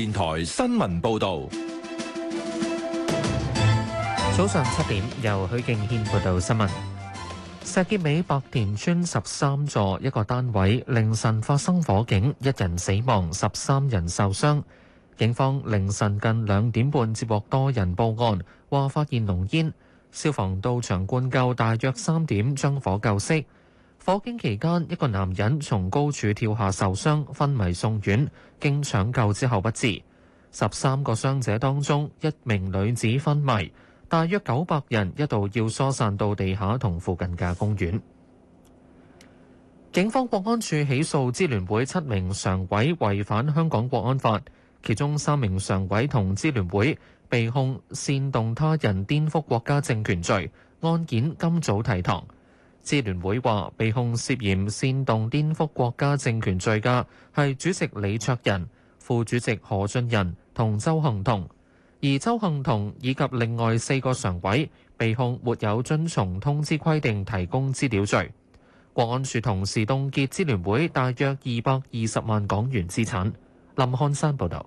電台新聞報道：早上七點，由許敬軒報道新聞。石硤尾白田村十三座一個單位凌晨發生火警，一人死亡，十三人受傷。警方凌晨近兩點半接獲多人報案，話發現濃煙，消防到場灌救，大約三點將火救熄。火警期間，一個男人從高處跳下受傷昏迷送院，經搶救之後不治。十三個傷者當中，一名女子昏迷。大約九百人一度要疏散到地下同附近嘅公園。警方國安處起訴支聯會七名常委違反香港國安法，其中三名常委同支聯會被控煽動他人顛覆國家政權罪，案件今早提堂。支聯會話，被控涉嫌煽動顛覆國家政權罪嘅係主席李卓人、副主席何俊仁同周幸彤，而周幸彤以及另外四個常委被控沒有遵從通知規定提供資料罪。國安處同時凍結支聯會大約二百二十萬港元資產。林漢山報導。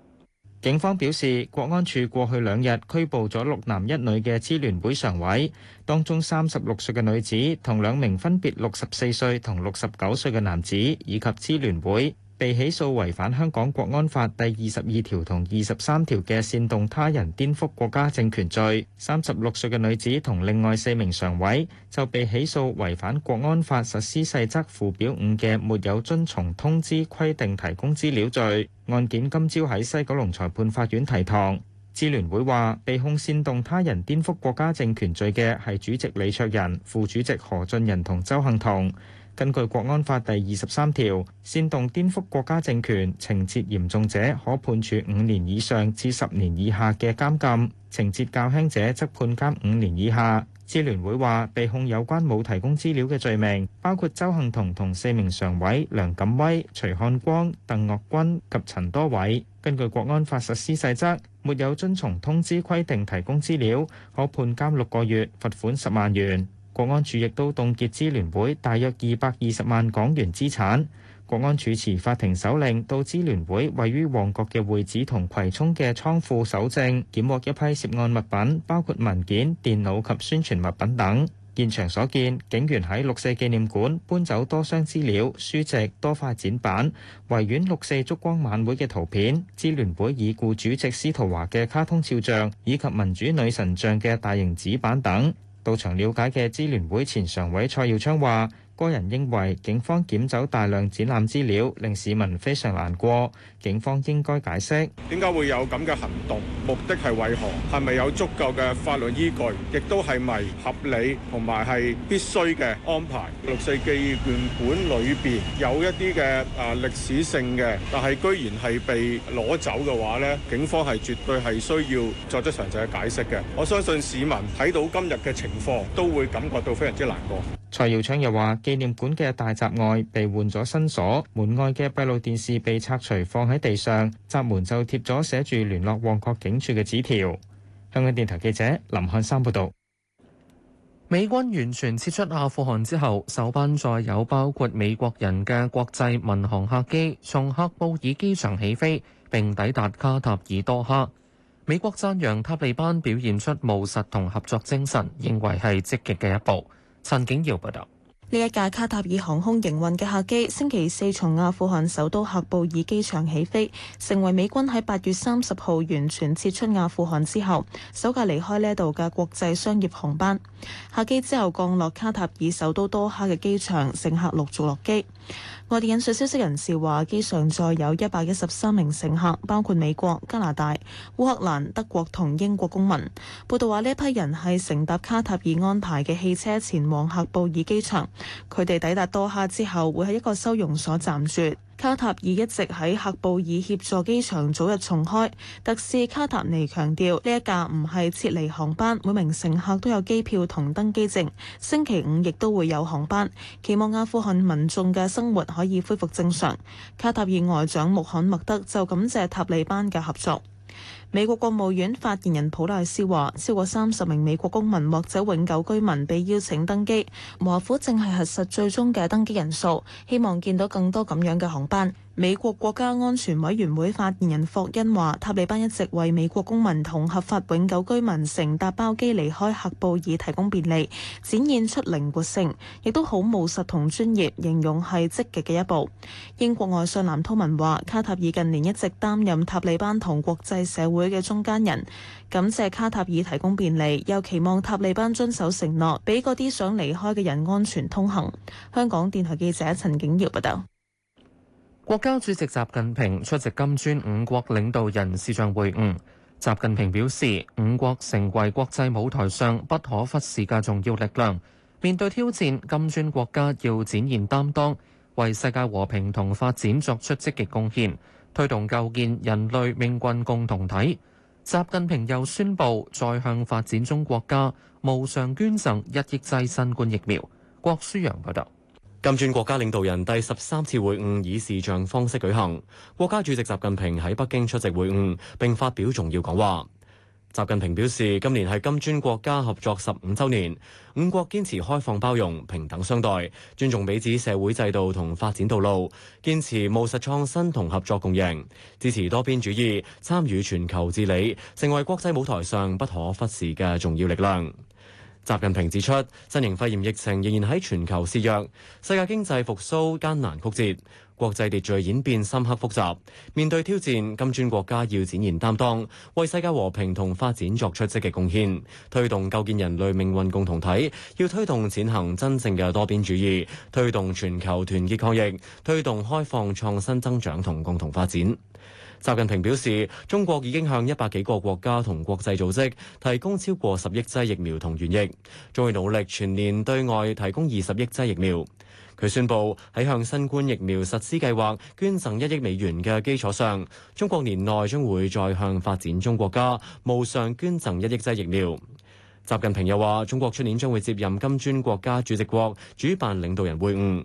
警方表示，國安處過去兩日拘捕咗六男一女嘅支聯會常委，當中三十六歲嘅女子同兩名分別六十四歲同六十九歲嘅男子，以及支聯會，被起訴違反香港國安法第二十二條同二十三條嘅煽動他人、顛覆國家政權罪，三十六歲嘅女子同另外四名常委就被起訴違反國安法實施細則附表五嘅沒有遵從通知規定提供資料罪。案件今朝喺西九龍裁判法院提堂。智聯會話，被控煽動他人、顛覆國家政權罪嘅係主席李卓人、副主席何俊仁同周幸彤。根據國安法第二十三條，煽動顛覆國家政權，情節嚴重者可判處五年以上至十年以下嘅監禁；情節較輕者則判監五年以下。支聯會話，被控有關冇提供資料嘅罪名，包括鄒幸彤同四名常委梁錦威、徐漢光、鄧岳君及陳多偉。根據國安法實施細則，沒有遵從通知規定提供資料，可判監六個月，罰款十萬元。國安處亦都凍結支聯會大約二百二十萬港元資產。國安處持法庭手令到支聯會位於旺角嘅會址同葵涌嘅倉庫搜證，檢獲一批涉案物品，包括文件、電腦及宣傳物品等。現場所見，警員喺六四紀念館搬走多箱資料、書籍、多塊展板、維園六四燭光晚會嘅圖片、支聯會已故主席司徒華嘅卡通肖像以及民主女神像嘅大型紙板等。到場了解嘅支聯會前常委蔡耀昌話。多人認為警方檢走大量展覽資料，令市民非常難過。警方應該解釋點解會有咁嘅行動，目的係為何，係咪有足夠嘅法律依據，亦都係咪合理同埋係必須嘅安排。六四紀念館本裏邊有一啲嘅啊歷史性嘅，但係居然係被攞走嘅話呢，警方係絕對係需要作出詳細嘅解釋嘅。我相信市民睇到今日嘅情況，都會感覺到非常之難過。蔡耀昌又話：紀念館嘅大閘外被換咗新鎖，門外嘅閉路電視被拆除，放喺地上，閘門就貼咗寫住聯絡旺角警署嘅紙條。香港電台記者林漢山報道，美軍完全撤出阿富汗之後，首班載有包括美國人嘅國際民航客機從喀布爾機場起飛，並抵達卡塔爾多哈。美國讚揚塔利班表現出務實同合作精神，認為係積極嘅一步。曾經有報道。呢一架卡塔爾航空營運嘅客機，星期四從阿富汗首都喀布爾機場起飛，成為美軍喺八月三十號完全撤出阿富汗之後，首架離開呢度嘅國際商業航班。客機之後降落卡塔爾首都多哈嘅機場，乘客陸續落機。外電引述消息人士話，機上載有一百一十三名乘客，包括美國、加拿大、烏克蘭、德國同英國公民。報道話呢一批人係乘搭卡塔爾安排嘅汽車前往喀布爾機場。佢哋抵達多哈之後，會喺一個收容所暫住。卡塔爾一直喺喀布爾協助機場早日重開。特使卡塔尼強調，呢一架唔係撤離航班，每名乘客都有機票同登機證。星期五亦都會有航班。期望阿富汗民眾嘅生活可以恢復正常。卡塔爾外長穆罕默德就感謝塔利班嘅合作。美國國務院發言人普賴斯話：超過三十名美國公民或者永久居民被邀請登機。華府正在核實最終嘅登機人數，希望見到更多咁樣嘅航班。美國國家安全委員會發言人霍恩話：塔利班一直為美國公民同合法永久居民乘搭包機離開喀布爾提供便利，展現出靈活性，亦都好務實同專業，形容係積極嘅一步。英國外相藍韜文話：卡塔爾近年一直擔任塔利班同國際社會嘅中間人，感謝卡塔爾提供便利，又期望塔利班遵守承諾，俾嗰啲想離開嘅人安全通行。香港電台記者陳景耀報道。國家主席習近平出席金磚五國領導人視像會晤。習近平表示，五國成為國際舞台上不可忽視嘅重要力量。面對挑戰，金磚國家要展現擔當，為世界和平同發展作出積極貢獻，推動構建人類命運共同體。習近平又宣布，再向發展中國家無償捐贈一億劑新冠疫苗。郭舒揚報道。金磚國家領導人第十三次會晤以視像方式舉行，國家主席習近平喺北京出席會晤並發表重要講話。習近平表示，今年係金磚國家合作十五週年，五國堅持開放包容、平等相待、尊重彼此社會制度同發展道路，堅持務實創新同合作共贏，支持多邊主義，參與全球治理，成為國際舞台上不可忽視嘅重要力量。習近平指出，新型肺炎疫情仍然喺全球肆虐，世界經濟復蘇艱難曲折，國際秩序演變深刻複雜。面對挑戰，金磚國家要展現擔當，為世界和平同發展作出積極貢獻，推動構建人類命運共同體。要推動踐行真正嘅多邊主義，推動全球團結抗疫，推動開放創新增長同共同發展。習近平表示，中國已經向一百幾個國家同國際組織提供超過十億劑疫苗同原液，將會努力全年對外提供二十億劑疫苗。佢宣布喺向新冠疫苗實施計劃捐贈一億美元嘅基礎上，中國年內將會再向發展中國家無償捐贈一億劑疫苗。習近平又話，中國出年將會接任金磚國家主席國，主辦領導人會晤。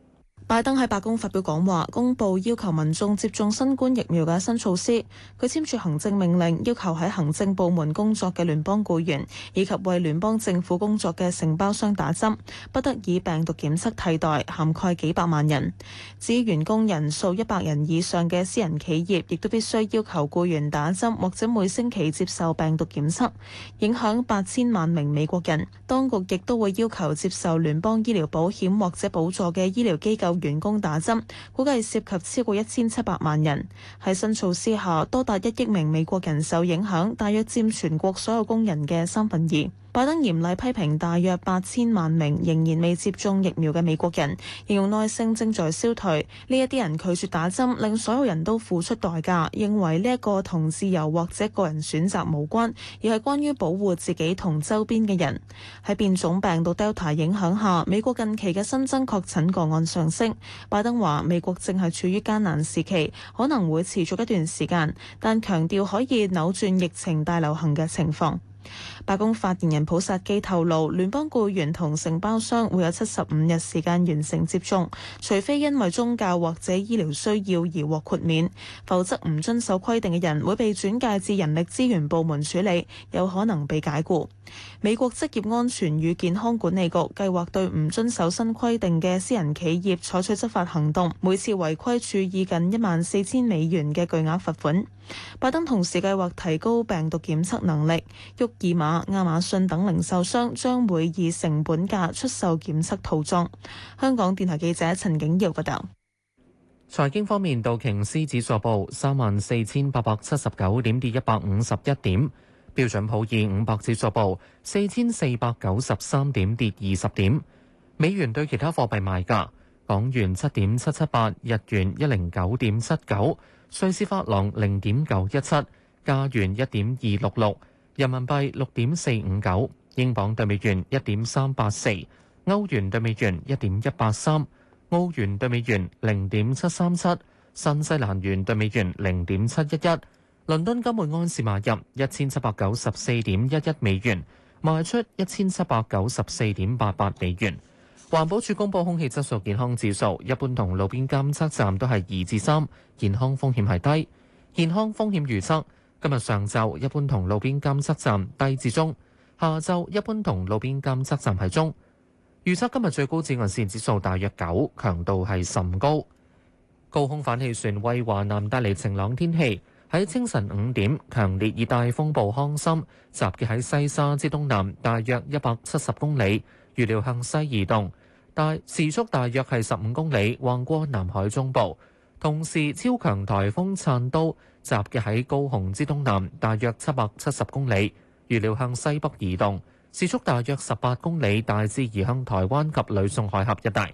拜登喺白宮發表講話，公佈要求民眾接種新冠疫苗嘅新措施。佢簽署行政命令，要求喺行政部門工作嘅聯邦僱員，以及為聯邦政府工作嘅承包商打針，不得以病毒檢測替代，涵蓋幾百萬人。至於員工人數一百人以上嘅私人企業，亦都必須要求僱員打針，或者每星期接受病毒檢測，影響八千萬名美國人。當局亦都會要求接受聯邦醫療保險或者補助嘅醫療機構。員工打針，估計涉及超過一千七百萬人。喺新措施下，多達一億名美國人受影響，大約佔全國所有工人嘅三分二。拜登嚴厲批評大約八千萬名仍然未接種疫苗嘅美國人，形容耐性正在消退。呢一啲人拒絕打針，令所有人都付出代價。認為呢一個同自由或者個人選擇無關，而係關於保護自己同周邊嘅人。喺變種病毒 Delta 影響下，美國近期嘅新增確診個案上升。拜登話：美國正係處於艱難時期，可能會持續一段時間，但強調可以扭轉疫情大流行嘅情況。白宮發言人普薩基透露，聯邦僱員同承包商會有七十五日時間完成接種，除非因為宗教或者醫療需要而獲豁免，否則唔遵守規定嘅人會被轉介至人力資源部門處理，有可能被解僱。美國職業安全與健康管理局計劃對唔遵守新規定嘅私人企業採取執法行動，每次違規處以近一萬四千美元嘅巨額罰款。拜登同時計劃提高病毒檢測能力，沃爾瑪、亞馬遜等零售商將會以成本價出售檢測套裝。香港電台記者陳景耀報導。財經方面，道瓊斯指數報三萬四千八百七十九點，跌一百五十一點。34, 標準普爾五百指數報四千四百九十三點，跌二十點。美元對其他貨幣賣價：港元七點七七八，日元一零九點七九，瑞士法郎零點九一七，加元一點二六六，人民幣六點四五九，英鎊對美元一點三八四，歐元對美元一點一八三，澳元對美元零點七三七，新西蘭元對美元零點七一一。倫敦金每盎司買入一千七百九十四點一一美元，賣出一千七百九十四點八八美元。環保署公佈空氣質素健康指數，一般同路邊監測站都係二至三，健康風險係低。健康風險預測今日上晝一般同路邊監測站低至中，下晝一般同路邊監測站係中。預測今日最高紫外線指數大約九，強度係甚高。高空反氣旋為華南帶嚟晴朗天氣。喺清晨五點，強烈熱帶風暴康森集結喺西沙之東南，大約一百七十公里，預料向西移動，但時速大約係十五公里，橫過南海中部。同時超強台，超強颱風燦都集結喺高雄之東南，大約七百七十公里，預料向西北移動，時速大約十八公里，大致移向台灣及呂宋海峽一帶。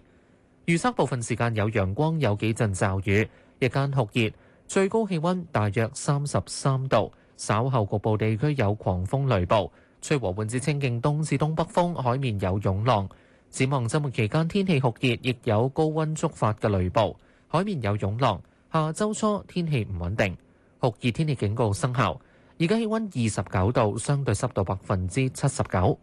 預測部分時間有陽光，有幾陣驟雨，日間酷熱。最高氣溫大約三十三度，稍後局部地區有狂風雷暴，吹和緩至清勁東至東北風，海面有湧浪。展望周末期間，天氣酷熱，亦有高温觸發嘅雷暴，海面有湧浪。下周初天氣唔穩定，酷熱天氣警告生效。而家氣温二十九度，相對濕度百分之七十九。